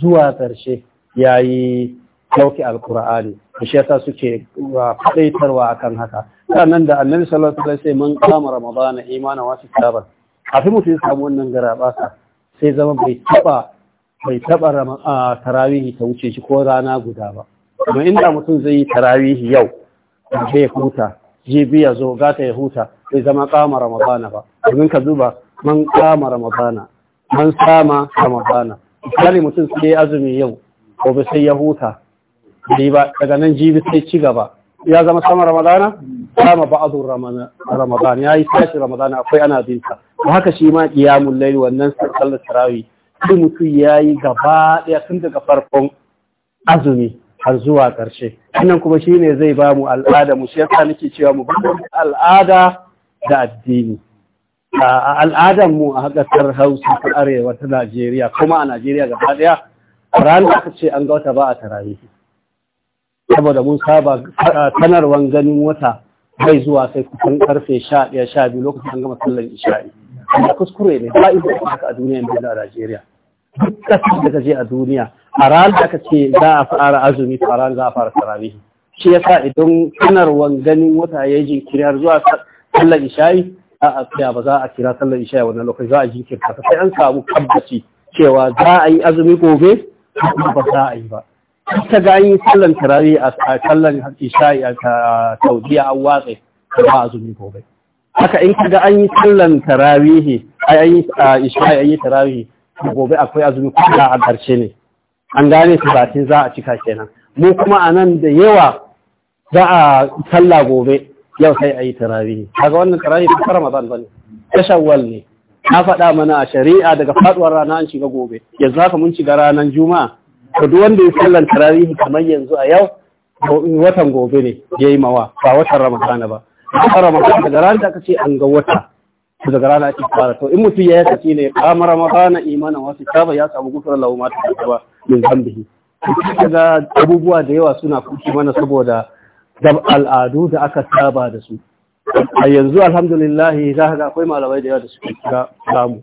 S1: zuwa ƙarshe ya yi sauke alƙura'ani da shi yasa suke faɗaitarwa akan haka sannan da annabi sallallahu alaihi wasallam mun kama ramadana imana wasu kitaban kafin mutum ya samu wannan garaɓasa. sai zama bai taɓa bai tarawihi ta wuce shi ko rana guda ba kuma inda mutum zai yi tarawihi yau zai huta jibi ya zo ta ya huta bai zama kama ramadana ba domin ka zuba man kama ramadana man sama ramadana misali mutum sai azumi yau gobe sai ya huta bai ba daga nan jibi sai ci gaba ya zama sama ramadana sama azu ramadana ya yi sashi ramadana akwai ana binta ba haka shi ma kiyamun laili wannan sallar tarawih sai mutum ya yi gaba daya tun daga farkon azumi har zuwa ƙarshe wannan kuma ne zai ba mu al'ada mu shi yasa nake cewa mu bin al'ada da addini a al'adan mu a haƙasar Hausa ta Arewa ta Najeriya kuma a Najeriya gaba ɗaya ran da aka ce an ga wata ba a tarayi. saboda mun saba sanarwan ganin wata bai zuwa sai kusan karfe sha biyu lokacin an gama sallar isha'i kuskure ne ba ido a duniya da Najeriya duk kasar da ka je a duniya a ran da aka ce za a fara azumi a ran za a fara tarawih shi yasa idan sanarwar ganin wata ya jinkiri har zuwa sallar isha'i a a tsaya ba za a kira sallar isha'i wannan lokaci za a jinkirta sai an samu tabbaci cewa za a yi azumi gobe kuma ba za a yi ba ta ga yi sallan tarawih a sallan isha'i a saudiya an watsa ba azumi gobe haka in kaga an yi sallan tarawih ai an yi isha'i an yi tarawih gobe akwai azumi kuma a ƙarshe ne an gane talatin za a cika kenan mu kuma a nan da yawa za a sallah gobe yau sai a yi tarawihi kaga wannan tarawihi ba ramadan bane ta shawwal ne na faɗa mana a shari'a daga faduwar rana an shiga gobe yanzu haka mun shiga ranar juma'a to duk wanda ya sallan tarawihi kamar yanzu a yau watan gobe ne ya yi mawa ba watan ramadana ba ramadana daga ranar da aka ce an ga wata da daga rana ake fara to in mutum ya yi saki ne kama na imanin wasu kaba ya samu gufar lahu ma ta kaba min zambihi kaga abubuwa da yawa suna kuki mana saboda al'adu da aka saba da su a yanzu alhamdulillahi za ga akwai malamai da yawa da suke kira samu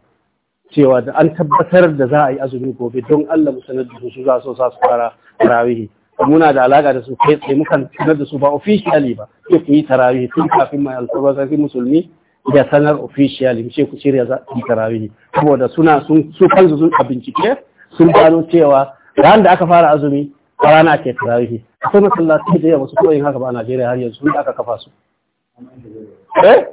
S1: cewa da an tabbatar da za a yi azumi gobe don Allah mu sanar da su za so sa su fara tarawihi muna da alaka da su kai tsaye mukan sanar da su ba officially ba sai ku yi tarawihi tun kafin mai alfarwa sarki musulmi ya sanar officially ce ku shirya za ku tarawih saboda suna sun su kansu sun bincike sun gano cewa ran da aka fara azumi a rana ke tarawih akwai masallaci da yawa su koyin haka ba a Najeriya har yanzu da aka kafa su eh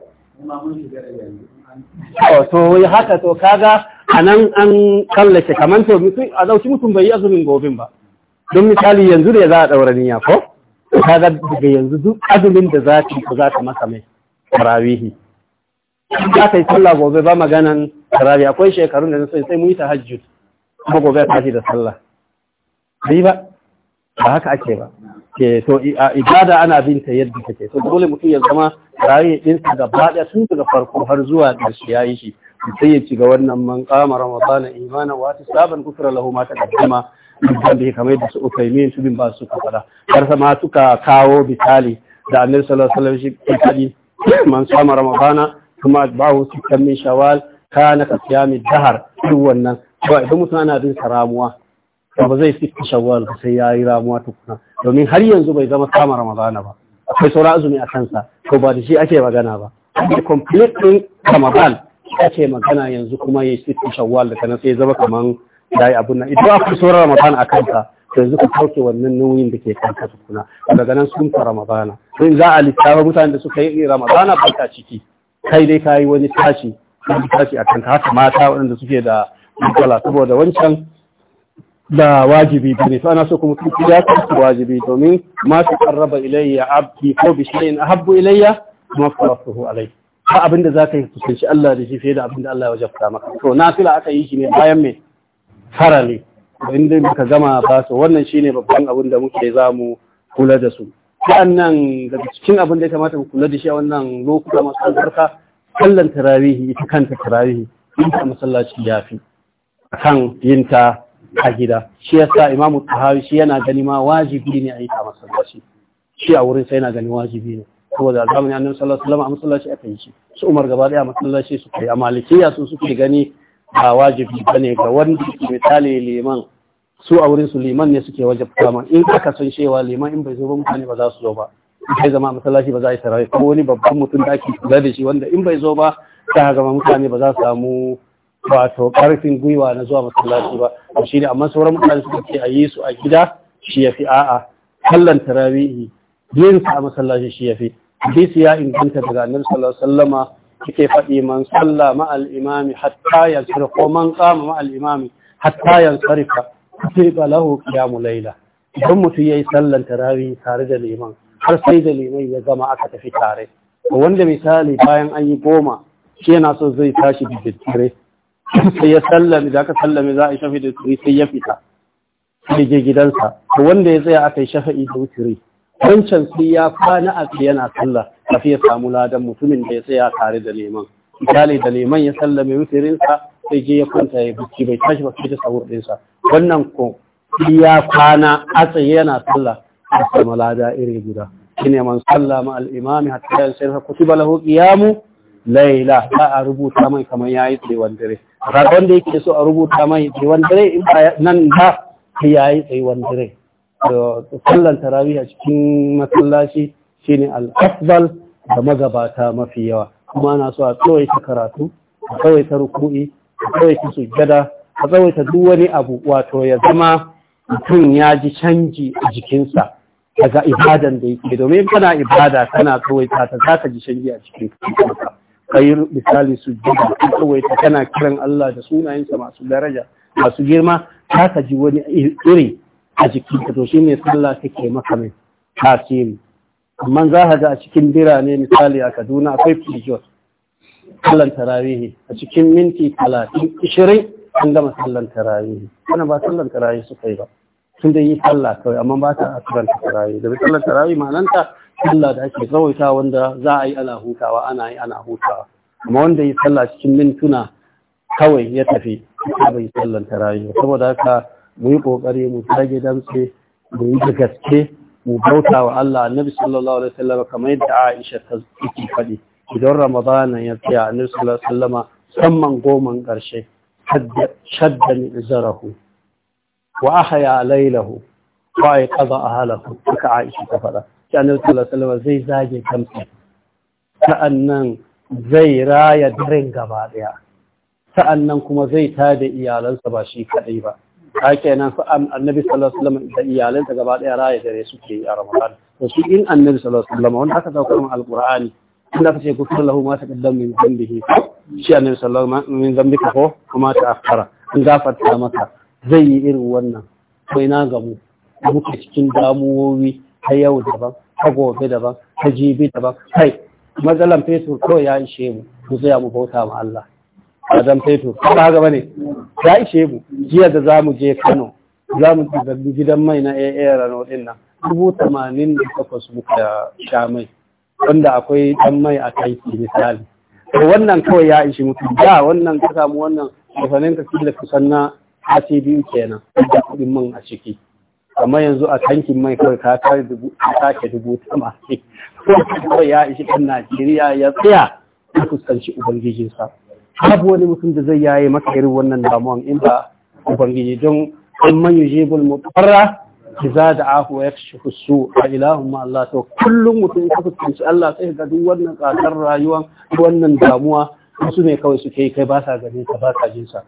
S1: to yi haka to kaga a nan an kallace kamar to a dauki mutum bai yi azumin gobin ba don misali yanzu da za a daura niyya ko kaga daga yanzu duk azumin da za ko za ka masa mai tarawihi in ba ka yi sallah gobe ba maganan tarabi akwai shekarun da sai sai mu yi tahajjud kuma gobe ya tashi da sallah bai ba ba haka ake ba ke to ibada ana bin ta yadda take to dole mutum ya zama rayi din sa gaba daya tun daga farko har zuwa ƙarshe yayi shi sai ya ci ga wannan man qama ramadana imana wa tisaban kufra lahu ma taqaddama da kamar da su ukaimin su bin ba su kafara har sama suka kawo bitali da annabi sallallahu alaihi wasallam shi kadi man sama ramadana kuma bahu sittan min shawal na ka mai dahar duk wannan cewa idan mutum ana bin sa ramuwa to ba zai sitta shawal ba sai yi ramuwa tukuna domin har yanzu bai zama samun ramadana ba akwai sauran azumi a kansa to ba da shi ake magana ba ake complete din ramadan ake magana yanzu kuma yi sitta shawal da kana sai zama kaman yayi abun nan idan akwai sauran ramadan a kansa yanzu ka sauke wannan nauyin da ke kanka tukuna daga nan sun fa ramadana in za a littafa mutanen da suka yi ramadana ba ta ciki kai dai kayi wani tashi wani tashi a haka mata waɗanda suke da matsala saboda wancan da wajibi ba ne ana so kuma kuma ya kasu wajibi domin ma su karraba ilayya abdi ko bi shay'in ahabbu ilayya kuma faratuhu alai ba abinda ka yi kusanci Allah da shi fiye da abinda Allah ya wajabta maka to na fila aka yi shi ne bayan mai farali inda muka gama ba su wannan shine babban abin da muke zamu kula da su nan daga cikin abin da ya kamata mu kula da shi a wannan lokuta masu albarka kallon tarawihi ita kanta tarawihi in ta masallaci ya fi A kan yinta a gida shi ya sa imamu tahawi shi yana gani ma wajibi ne a yi ta masallaci shi a wurin sai yana gani wajibi ne saboda zamanin annabi sallallahu alaihi wasallam a masallaci aka yi shi su umar gaba daya masallaci su kai a malikiya su suke gani ba wajibi bane ga wanda misali liman su a wurin su liman ne suke wajen kama in aka san cewa liman in bai zo ba mutane ba za su zo ba kai zama a masallaci ba za a yi sarari ko wani babban mutum da ake kula da shi wanda in bai zo ba ta gama mutane ba za su samu wato karfin gwiwa na zuwa masallaci ba to ne, amma sauran mutane suka ce a yi su a gida shi ya fi a'a kallon tarawihi yin sa a masallaci shi ya fi, hadisi ya inganta daga annabi sallallahu alaihi wasallama kike faɗi man salla al imami hatta yansarifa ko man qama al imami hatta yansarifa sai ba lahu mu laila idan mutum yayi sallan tarawih tare da liman har sai da liman ya zama aka tafi tare wanda misali bayan an yi goma shi yana so zai tashi da daddare sai ya sallame da aka sallame za a yi shafi da turi sai ya fita sai je gidansa wanda ya tsaya aka yi shafa'i da wuturi wancan sai ya kwana a yana sallah kafi ya samu ladan mutumin da ya tsaya tare da liman misali da liman ya sallame wuturinsa sai je ya kwanta ya buki bai tashi ba sai da sahur ɗinsa wannan ko ya kwana a tsaye yana sallah a sama lada iri guda ne man sallah ma al'imami, imami hatta ya sai kutiba lahu laila za a rubuta mai kamar yi tsayuwan dare ranar wanda yake so a rubuta mai tsayuwan dare in ba nan ya yayi tsayuwan dare sallan tarawih a cikin masallaci shine al da magabata mafi yawa kuma na so a tsawaita karatu a tsawaita ruku'i a tsawaita sujjada a tsawaita duk wani abu wato ya zama mutum ya ji canji a jikinsa daga ibadan da yake domin kana ibada kana tsawaita ta za ka ji canji a ka yi misali sujjada ka tsawaita kana kiran Allah da sunayensa masu daraja masu girma za ka ji wani iri a jikinka to shine sallah take maka mai tasiri amma za ka ga a cikin birane misali a Kaduna akwai pijot sallan tarawihi a cikin minti talatin ishirin an gama sallan tarawihi wannan ba sallan tarawihi suka yi ba sun dai yi sallah kawai amma ba ta asiran tarawihi da sallan tarawihi ma'ananta sallah da ake tsawaita wanda za a yi ana hutawa ana yi ana hutawa amma wanda yi sallah cikin mintuna kawai ya tafi bai sallan tarawihi saboda haka mu yi kokari mu tage damtse mu yi da gaske mu bauta wa Allah annabi sallallahu alaihi wasallam kamar yadda Aisha ta faɗi idan ramadana ya tsaya annabi sallallahu alaihi wasallama samman goman ƙarshe shadda min zarahu wa ahya ƙaza a ayqadha ahlahu haka Aisha ta faɗa sai a sallallahu sallama zai zage Sa'an nan zai raya daren gaba ɗaya. Sa'an nan kuma zai tada iyalansa ba shi kadai ba ake nan sa'an annabi sallallahu alaihi wasallam da iyalansa gaba ɗaya raya dare suke yi a ramadan to shi in annabi sallallahu alaihi wasallam wanda aka dauka min alqur'ani inda kace kuskure lahu ma taqaddama min dhanbihi shi annabi sallallahu alaihi min zambi ka ko kuma ta akhara an gafarta maka zai yi irin wannan kai na gamu muka cikin damuwowi ta yau daban ta gobe daban ta jibi daban kai matsalan fetur kawai ya ishe mu mu tsaya mu bauta ma Allah adam fetur ba gaba ne ya ishe mu jiya da za mu je Kano za mu gidan mai na AAR Rano din nan dubu tamanin da takwas muka sha mai wanda akwai ɗan mai a tanki misali to wannan kawai ya ishi mutu, da wannan ka samu wannan shefanen ka kila kusan na sati biyu kenan da kuɗin man a ciki amma yanzu a tankin mai kawai ka kare dubu sake dubu tamaki kawai ya ishi ɗan Najeriya ya tsaya ya fuskanci ubangijinsa babu wani mutum da zai yaye maka irin wannan damuwan in ba ubangiji don in man yujibul mutarra iza da ahu ya fi a ilahun ma Allah to kullum mutum ya fuskanci Allah sai ga duk wannan ƙasar rayuwa wannan damuwa wasu ne kawai suke yi kai ba sa ganin ka ba ka jin sa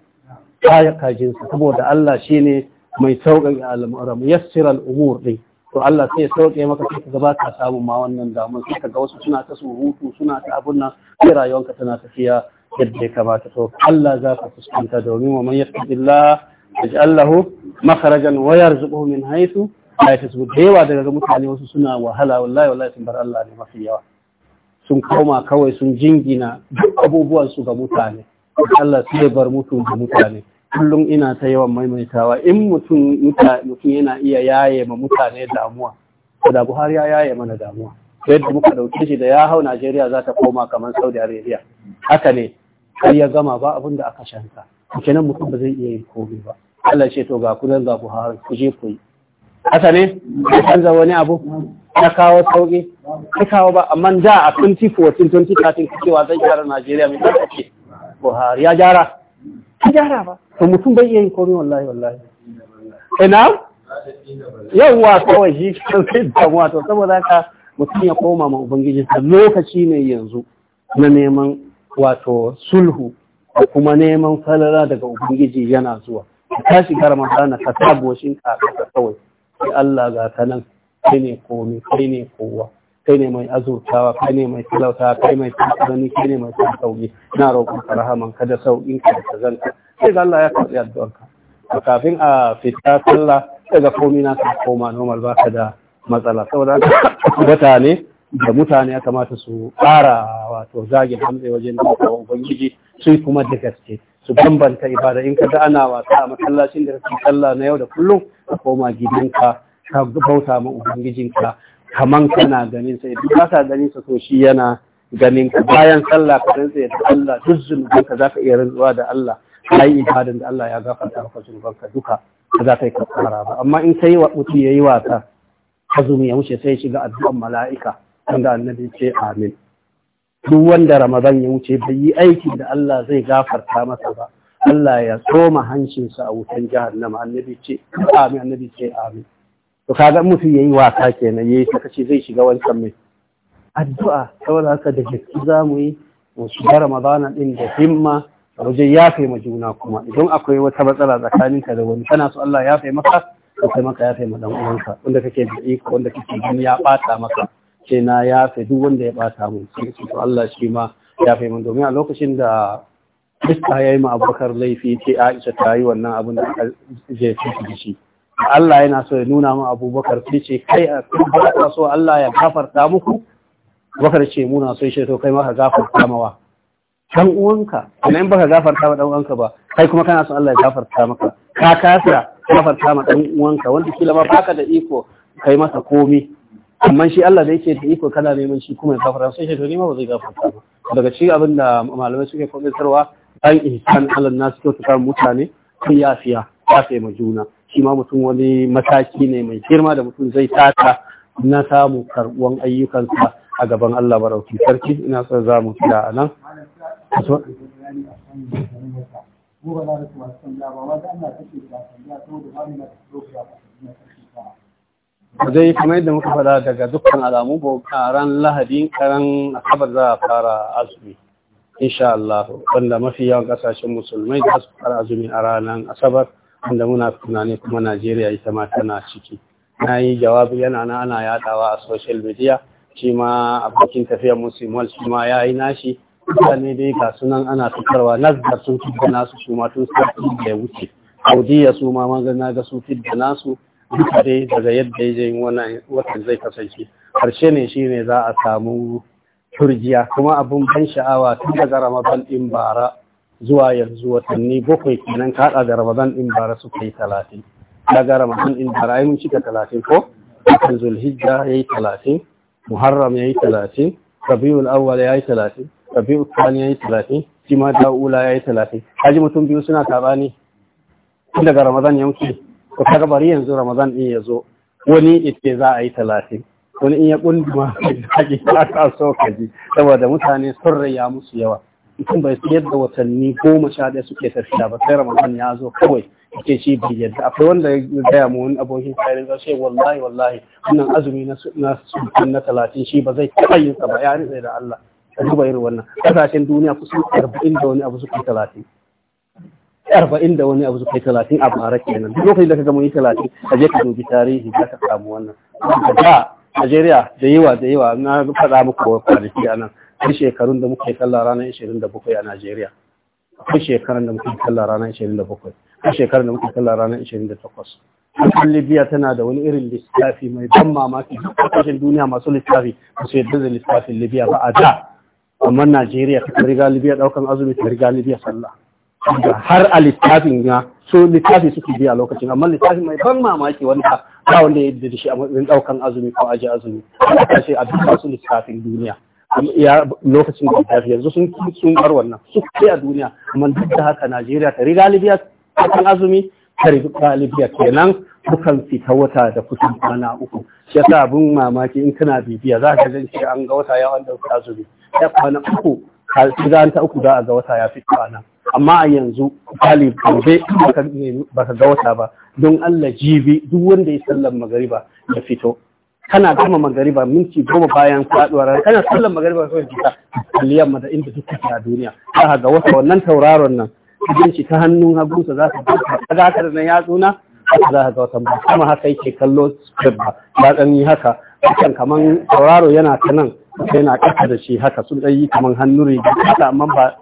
S1: kaya ka jin sa saboda Allah shine mai sauƙaƙe al'amura yassir al'umur din to Allah sai ya sauƙe maka sai ka ba ka samu ma wannan damuwa sai ka ga wasu suna ta surutu suna ta abun nan sai rayuwanka tana tafiya yadda ya kamata to Allah za ka fuskanta domin wa man yattaqillah yaj'al lahu makharajan wa yarzuquhu min haythu la yatasbu da yawa daga mutane wasu suna wahala wallahi wallahi sun bar Allah ne mafi yawa sun koma kawai sun jingina duk abubuwan su ga mutane Allah sai bar mutum ga mutane kullum ina ta yawan maimaitawa in mutum mutum yana iya yaye ma mutane damuwa da Buhari ya yaye mana damuwa yadda muka dauke shi da ya hau Najeriya za ta koma kamar Saudi Arabia haka ne sai ya gama ba abin da aka shanta kenan mutum ba zai iya yin komai ba Allah ce to ga ku nan za ku har ku je ku yi haka ne ka canza wani abu ka kawo sauƙi ka kawo ba amma da a 2014 2013 ka cewa zai gyara Najeriya mai zaka ce Buhari ya gyara ka gyara ba to mutum bai iya yin komai wallahi wallahi ina wa kawai shi kan sai damuwa to saboda ka mutum ya koma ma ubangiji lokaci ne yanzu na neman wato sulhu da kuma neman falala daga ubangiji yana zuwa ka shiga ramadana ka sa shi ka kawai sai Allah ga ka nan kai ne komai kai ne kowa kai ne mai azurtawa kai ne mai talauta kai mai tsanani kai ne mai sauki na roƙon ka rahaman ka da sauƙin ka da zanka sai ga Allah ya karɓi addu'arka to kafin a fita sallah daga komai na ka koma normal ba ka da matsala saboda mutane da mutane ya kamata su ƙara wato zage hamze wajen da ubangiji su kuma da gaske su bambanta ibada in ka ana wasa a masallacin da kake sallah na yau da kullum ka koma gidanka ka bauta ma ubangijinka kaman kana ganin sa idan ba ganin sa to shi yana ganin ka bayan sallah ka rantsa da Allah duk zunubanka zaka iya rantsuwa da Allah kai ibadan da Allah ya gafarta maka zunubanka duka ba za ka yi kafara ba amma in sai wa mutum yayi wasa azumi ya wuce sai shiga addu'an mala'ika wanda annabi ce amin duk wanda Ramadan ya wuce bai yi aiki da Allah zai gafarta masa ba Allah ya tsoma hancinsa a wutan jahannama annabi ce amin annabi ce amin to kaga mutum yayi wasa kenan yayi saka ce zai shiga wancan mai addu'a saboda haka da gaske za mu yi mu shiga Ramadana din da himma wajen yafe ma juna kuma idan akwai wata matsala tsakaninka da wani tana so Allah ya maka to kai maka yafe ma dan uwanka wanda kake da iko wanda kake gani ya ɓata maka ce na fi duk wanda ya bata mun sai ce to Allah shi ma fi mun domin a lokacin da Iska ya yi ma abokar laifi ce Aisha ta yi wannan abin da zai fi da shi. Allah yana so ya nuna mu abubakar sai ce kai a kuma so Allah ya gafarta muku bakar ce muna so shi to kai maka gafarta mawa dan uwanka kuma in baka gafarta ma dan uwanka ba kai kuma kana son Allah ya gafarta maka ka kasa gafarta ma dan uwanka wanda kila ma baka da iko kai masa komi amma shi Allah da yake da iko kana neman shi kuma ya gafara sai shi to ma ba zai gafarta ba daga cikin abin da malamai suke faɗarwa an ihsan alal nasu to tukar mutane kun yafiya yafe ma juna shi ma mutum wani mataki ne mai girma da mutum zai taka na samu karɓuwan ayyukansa a gaban Allah barauki sarki ina son za mu tsaya a nan gobe na ba wanda ana da da ba ni na da ba zai kamar yadda muka fada daga dukkan alamu ba ran lahadi karan asabar za a fara azumi insha Allah wanda mafi yawan kasashen musulmai za su fara azumi a ranar asabar wanda muna tunani kuma Najeriya ita ma tana ciki na yi jawabi yana na ana yadawa a social media shi ma abokin tafiyar musulman shi ma ya yi nashi mutane dai ga sunan ana fitarwa nazar sun fidda nasu su ma tun sati da ya wuce saudiya su ma ga su fidda nasu duka dai daga yadda yayin wannan watan zai kasance harshe ne shi ne za a samu turjiya kuma abun ban sha'awa tun daga ramadan ɗin bara zuwa yanzu watanni bakwai kenan kaɗa da ramadan ɗin bara suka yi talatin daga ramadan ɗin bara ai mun cika talatin ko watan zulhijja ya yi talatin muharram ya yi talatin rabiul awwal ya yi talatin rabiul kwan ya yi talatin shi ma da'ula ya yi talatin haji mutum biyu suna taɓa ne tun daga ramadan ya wuce ko kaga bari yanzu ramadan din ya zo wani ite za a yi talatin wani in ya kunduma zaki ke so kaji ji saboda mutane sun raya musu yawa mutum bai su yadda watanni goma sha ɗaya suke tafiya ba sai ramadan ya zo kawai yake ci bai yadda akwai wanda ya gaya mu wani abokin tsarin zai wallahi wallahi wannan azumi na sultan na talatin shi ba zai taɓa yin sa ba ya da Allah a duba irin wannan kasashen duniya kusan arba'in da wani abu suke talatin arba'in da wani abu su kai talatin a bara kenan duk lokacin da ka gama yi talatin a je ka dubi tarihi za ka samu wannan da Najeriya da yawa da yawa na faɗa muku kwanaki a nan akwai shekarun da muka yi kalla ranar 27 a Najeriya akwai shekarun da muka yi kalla ranar 27 akwai shekarun da muka yi kalla ranar takwas. kasar Libya tana da wani irin lissafi mai ban mamaki duk kasashen duniya masu lissafi ba su yadda da lissafin Libya ba a da amma Najeriya ta riga Libya daukan azumi ta riga Libya sallah har a littafin ya so littafi suke biya lokacin amma littafi mai ban mamaki wanda ba wanda ya yi da shi a matsayin daukan azumi ko aji azumi ana kashe a duk masu littafin duniya ya lokacin da littafi yanzu sun sun bar wannan su kai a duniya amma duk da haka Najeriya ta riga Libya ta azumi ta riga Libya kenan dukan fita wata da kusan kwana uku shi yasa abin mamaki in kana bibiya za ka gan an ga wata ya wanda azumi ya kwana uku ka ta uku za a ga wata ya fi kwana amma a yanzu kali gobe ba ka ga wata ba don Allah jibi duk wanda ya sallar magariba ya fito kana gama magariba minti goma bayan faduwar kana sallar magariba ya fita kalli yamma da inda duk a duniya Ta ga wata wannan tauraron nan idan shi ta hannun hagunsa za ka ga haka da na yatsuna za ka ga wata ba kuma haka yake kallo ba ba dan yi haka kan kaman tauraro yana ta nan yana ƙasa da shi haka sun ɗan yi kaman hannu riga amma ba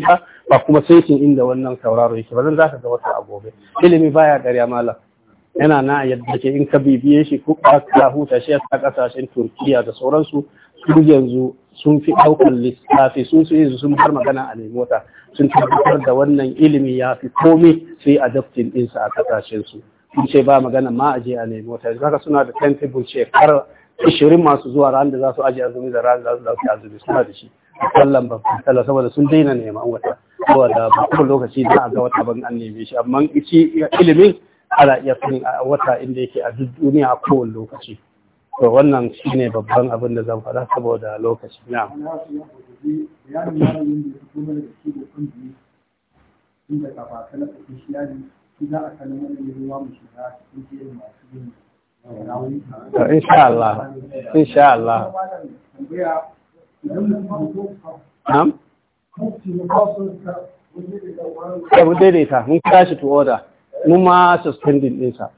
S1: ba ba kuma saikin inda wannan sauraro yake ba zan za ka ga wata a gobe ilimi baya ƙarya malam yana na yadda ke in ka bibiye shi ko ka huta shi a kasashen turkiya da sauransu su yanzu sun fi ɗaukar lissafi sun su yanzu sun bar magana a mota sun tabbatar da wannan ilimi ya fi komai sai adaptin insa a kasashen su sun ce ba magana ma a je a nemi wata Zaka suna da timetable shekarar ishirin masu zuwa ran da za su aje azumi da ran da za su dauki azumi suna da shi a kallon babban sallah saboda sun daina neman wata saboda ba kuma lokaci za a ga wata ban an neme shi amma shi ilimin ana iya sanin a wata inda yake a duk duniya a kowane lokaci to wannan shine babban abin da zan faɗa saboda lokaci na insha Allah insha Allah da daidaita mun kira shi to order mun ma suspending sa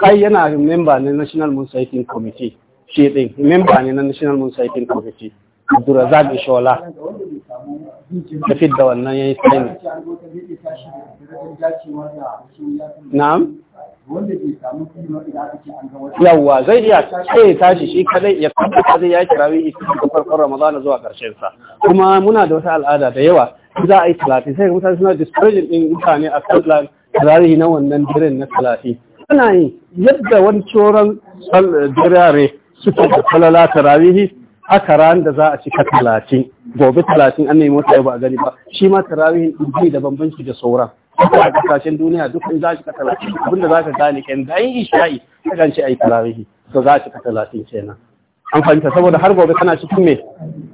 S1: kai yana memba na national moon sighting committee shi din, member ne na national moon sighting committee abdurazak ishola ta fit da wannan ya yi na'am yawwa zai iya sai ya tashi shi kadai ya tabbata zai ya kirawi isi da farkon ramadana zuwa karshen sa kuma muna da wata al'ada da yawa za a yi talatin sai mutane suna discouraging din mutane a sallan tarihi na wannan diren na talatin ana yi yadda wani coron dirare suke da falala tarawihi haka ran da za a cika talatin gobe talatin an nemi wata yau ba a gani ba shi ma tarawihin ɗin da bambanci da sauran ko a kasashen duniya duk in za shi ka talatin abinda za ka gane kenan da an yi isha'i ta kan ce yi tarawihi to za shi ka talatin kenan an fahimta saboda har gobe kana cikin me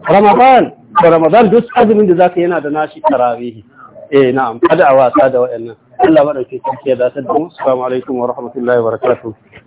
S1: ramadan da ramadan duk azumin da zaka yana da nashi tarawihi eh na'am kada a wasa da wa'annan Allah ba da ke kirkiya da mu assalamu alaikum wa rahmatullahi wa barakatuh